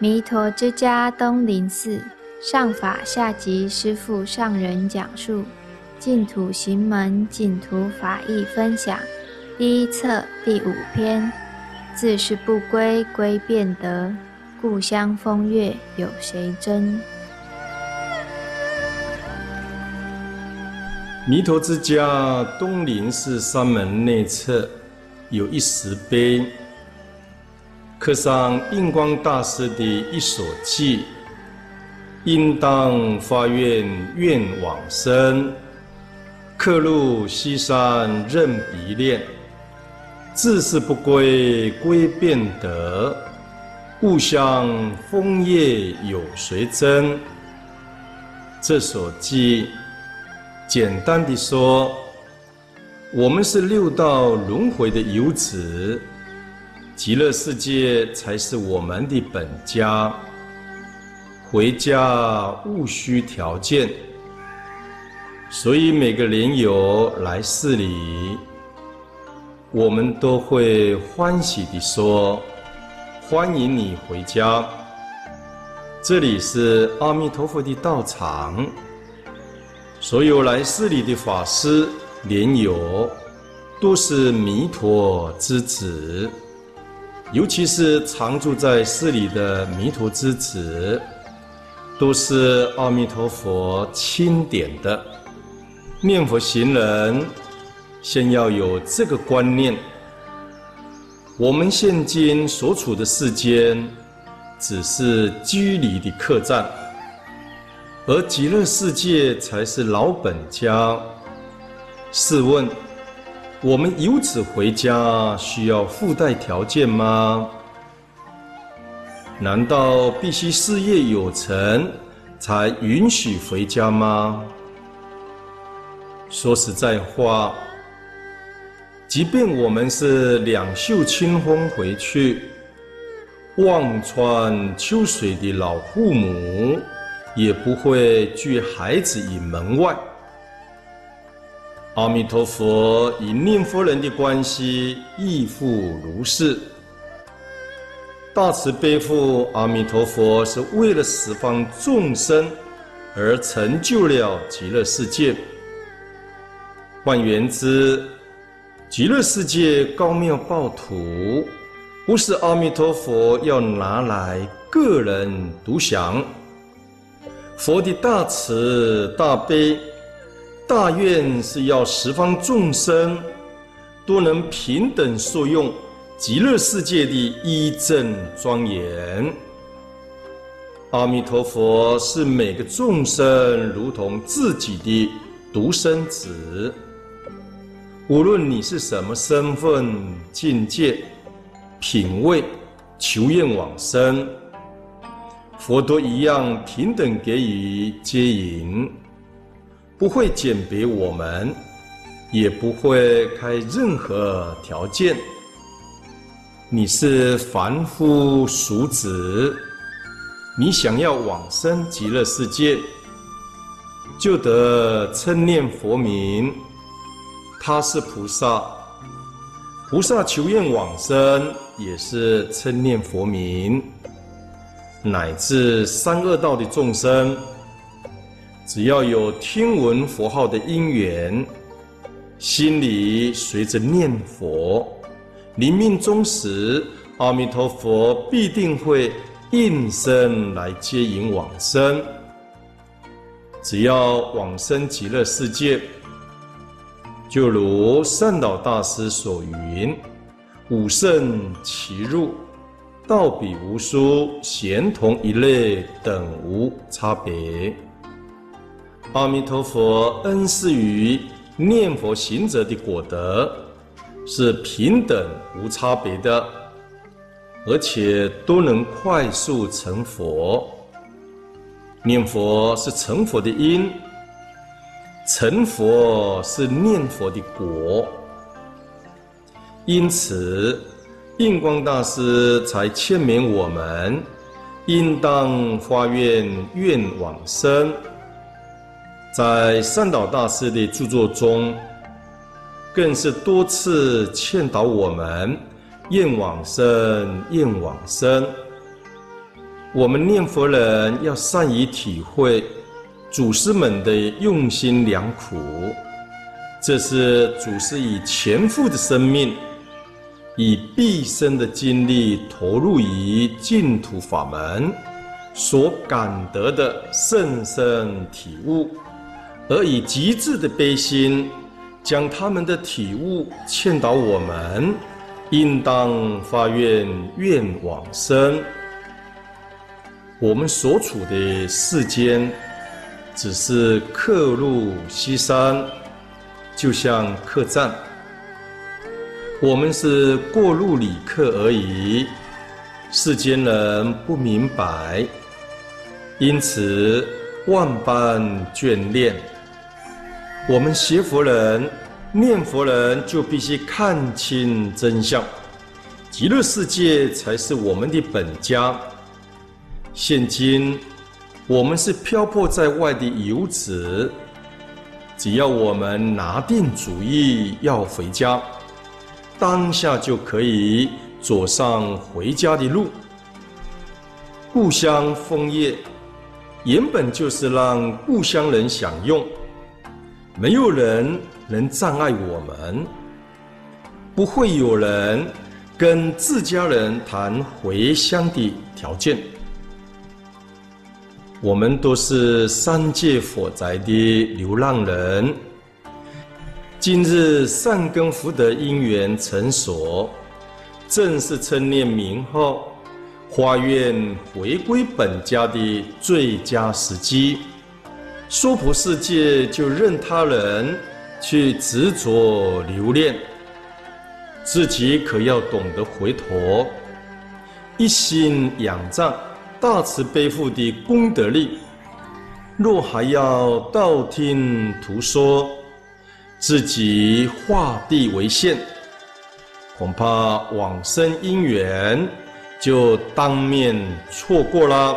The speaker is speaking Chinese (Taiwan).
彌陀之家東林寺上法下寂師父上人講述淨土行門，淨土法義分享第一冊，第五篇，自是不歸歸便得，故鄉風月有誰爭？彌陀之家東林寺山門內側有一石碑。刻上印光大師的一首偈：“應當發願願往生，客路西山任彼戀，自是不歸歸便得，故鄉風月有誰爭？”這首偈簡單的說，我們是六道輪迴的游子。極樂世界才是我們的本家，回家毋需條件，所以每個蓮友來寺裡，我們都會歡喜的說：“歡迎你回家，這裡是阿彌陀佛的道場。所有來寺裡的法師、蓮友，都是彌陀之子。”尤其是常住在寺裡的彌陀之子，都是阿彌陀佛欽點的念佛行人，先要有這個觀念。我們現今所處的世間，只是居里的客棧，而極樂世界才是老本家。試問，我們遊子回家需要附帶條件嗎？難道必須事業有成才允許回家嗎？說實在話，即便我們是兩袖清風回去，望穿秋水的老父母也不會拒孩子於門外。阿彌陀佛，與念佛人的關係亦復如是。大慈悲父阿彌陀佛是為了十方眾生而成就了極樂世界。換言之，極樂世界高妙報土，不是阿彌陀佛要拿來個人獨享。佛的大慈大悲。大願是要十方眾生都能平等受用極樂世界的依正莊嚴。阿彌陀佛是每個眾生如同自己的獨生子，無論你是什麼身份、境界、品位、求願往生，佛都一樣平等給予接引。不會簡別我們，也不會開任何條件。你是凡夫俗子，你想要往生極樂世界，就得稱念佛名。他是菩薩，菩薩求願往生也是稱念佛名，乃至三惡道的眾生。只要有聽聞佛號的因緣，心裡隨着念佛，臨命終時，阿彌陀佛必定會應聲來接引往生。只要往生極樂世界，就如善導大師所云：“五乘齊入，到彼無殊，咸同一類，等無差別。”阿彌陀佛，恩賜於念佛行者的果德是平等無差別的，而且都能快速成佛。念佛是成佛的因，成佛是念佛的果。因此，印光大師才勸勉我們，應當發願願往生。在善導大師的著作中，更是多次勸導我們：“願往生，願往生。”我們念佛人要善於體會祖師們的用心良苦，這是祖師以全副的生命、以畢生的精力投入於淨土法門所感得的甚深體悟。而以極致的悲心，將他們的體悟勸導我們，應當發願願往生。我們所處的世間，只是客路溪山，就像客棧，我們是過路旅客而已。世間人不明白，因此萬般眷戀。我們學佛人、念佛人就必須看清真相，極樂世界才是我們的本家。現今我們是漂泊在外的遊子，只要我們拿定主意要回家，當下就可以走上回家的路。故鄉風月，原本就是讓故鄉人享用。沒有人能障礙我們，不會有人跟自家人談回鄉的條件。我們都是三界火宅的流浪人。今日善根福德因緣成熟，正是稱念名號、發願回歸本家的最佳時機。娑婆世界就任他人去執着留戀，自己可要懂得回頭，一心仰仗大慈悲父的功德力。若還要道聽途說，自己畫地為限，恐怕往生因緣就當面錯過了。